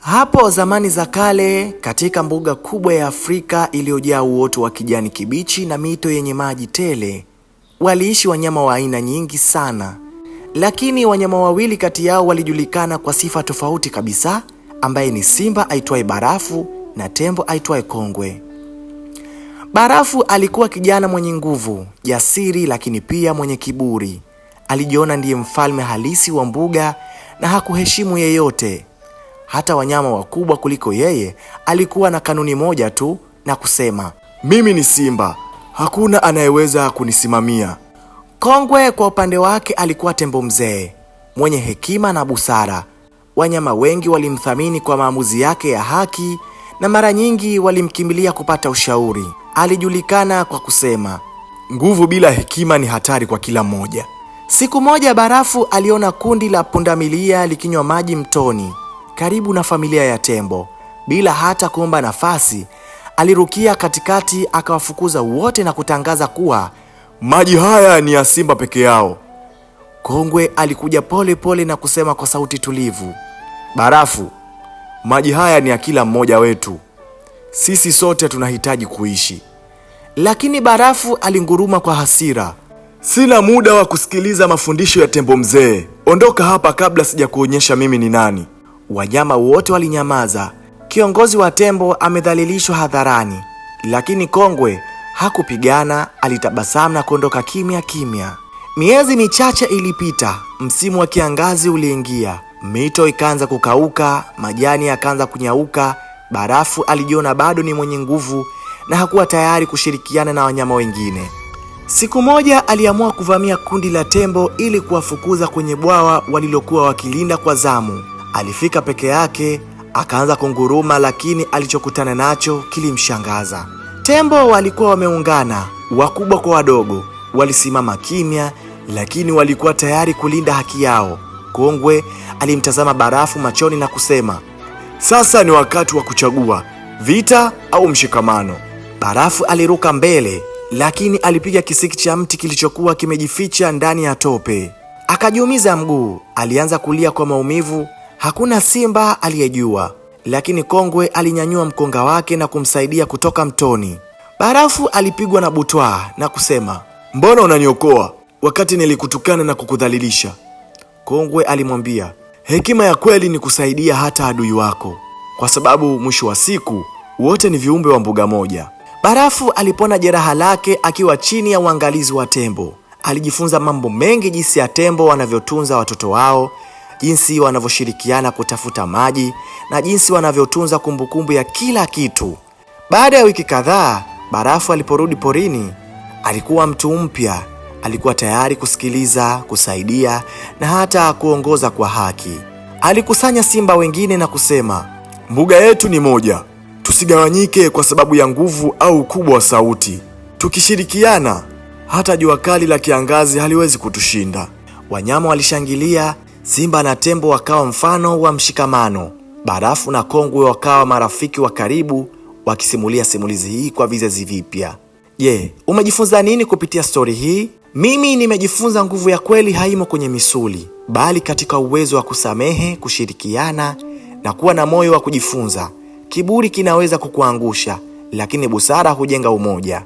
Hapo zamani za kale katika mbuga kubwa ya Afrika iliyojaa uoto wa kijani kibichi na mito yenye maji tele, waliishi wanyama wa aina nyingi sana, lakini wanyama wawili kati yao walijulikana kwa sifa tofauti kabisa, ambaye ni simba aitwaye Barafu na tembo aitwaye Kongwe. Barafu alikuwa kijana mwenye nguvu, jasiri, lakini pia mwenye kiburi. Alijiona ndiye mfalme halisi wa mbuga na hakuheshimu yeyote hata wanyama wakubwa kuliko yeye, alikuwa na kanuni moja tu na kusema, mimi ni simba, hakuna anayeweza kunisimamia. Kongwe kwa upande wake alikuwa tembo mzee mwenye hekima na busara. Wanyama wengi walimthamini kwa maamuzi yake ya haki na mara nyingi walimkimbilia kupata ushauri. Alijulikana kwa kusema, nguvu bila hekima ni hatari kwa kila mmoja. Siku moja Barafu aliona kundi la pundamilia likinywa maji mtoni karibu na familia ya tembo. Bila hata kuomba nafasi, alirukia katikati akawafukuza wote na kutangaza kuwa maji haya ni ya simba peke yao. Kongwe alikuja pole pole na kusema kwa sauti tulivu, Barafu, maji haya ni ya kila mmoja wetu, sisi sote tunahitaji kuishi. Lakini Barafu alinguruma kwa hasira, sina muda wa kusikiliza mafundisho ya tembo mzee, ondoka hapa kabla sijakuonyesha mimi ni nani. Wanyama wote walinyamaza. Kiongozi wa tembo amedhalilishwa hadharani, lakini kongwe hakupigana, alitabasamu na kuondoka kimya kimya. Miezi michache ilipita, msimu wa kiangazi uliingia. Mito ikaanza kukauka, majani yakaanza kunyauka. Barafu alijiona bado ni mwenye nguvu na hakuwa tayari kushirikiana na wanyama wengine. Siku moja aliamua kuvamia kundi la tembo ili kuwafukuza kwenye bwawa walilokuwa wakilinda kwa zamu. Alifika peke yake akaanza kunguruma, lakini alichokutana nacho kilimshangaza. Tembo walikuwa wameungana, wakubwa kwa wadogo, walisimama kimya, lakini walikuwa tayari kulinda haki yao. Kongwe alimtazama Barafu machoni na kusema, sasa ni wakati wa kuchagua vita au mshikamano. Barafu aliruka mbele, lakini alipiga kisiki cha mti kilichokuwa kimejificha ndani ya tope, akajiumiza mguu. Alianza kulia kwa maumivu Hakuna simba aliyejua, lakini kongwe alinyanyua mkonga wake na kumsaidia kutoka mtoni. Barafu alipigwa na butwaa na kusema, mbona unaniokoa wakati nilikutukana na kukudhalilisha? Kongwe alimwambia, hekima ya kweli ni kusaidia hata adui wako, kwa sababu mwisho wa siku wote ni viumbe wa mbuga moja. Barafu alipona jeraha lake akiwa chini ya uangalizi wa tembo. Alijifunza mambo mengi, jinsi ya tembo wanavyotunza watoto wao, jinsi wanavyoshirikiana kutafuta maji na jinsi wanavyotunza kumbukumbu ya kila kitu. Baada ya wiki kadhaa, Barafu aliporudi porini, alikuwa mtu mpya. Alikuwa tayari kusikiliza, kusaidia na hata kuongoza kwa haki. Alikusanya simba wengine na kusema, mbuga yetu ni moja, tusigawanyike kwa sababu ya nguvu au ukubwa wa sauti. Tukishirikiana, hata jua kali la kiangazi haliwezi kutushinda. Wanyama walishangilia Simba na Tembo wakawa mfano wa mshikamano, Barafu na Kongwe wakawa marafiki wa karibu, wakisimulia simulizi hii kwa vizazi vipya. Je, yeah, umejifunza nini kupitia stori hii? Mimi nimejifunza nguvu ya kweli haimo kwenye misuli, bali katika uwezo wa kusamehe, kushirikiana na kuwa na moyo wa kujifunza. Kiburi kinaweza kukuangusha, lakini busara hujenga umoja.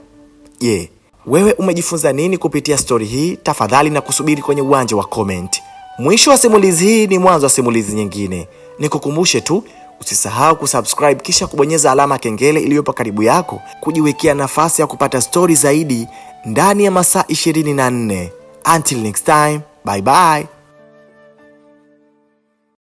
Je, yeah, wewe umejifunza nini kupitia stori hii? Tafadhali na kusubiri kwenye uwanja wa comment. Mwisho wa simulizi hii ni mwanzo wa simulizi nyingine. Nikukumbushe tu usisahau kusubscribe kisha kubonyeza alama kengele iliyopo karibu yako kujiwekea nafasi ya kupata stori zaidi ndani ya masaa 24. Until next time, bye bye.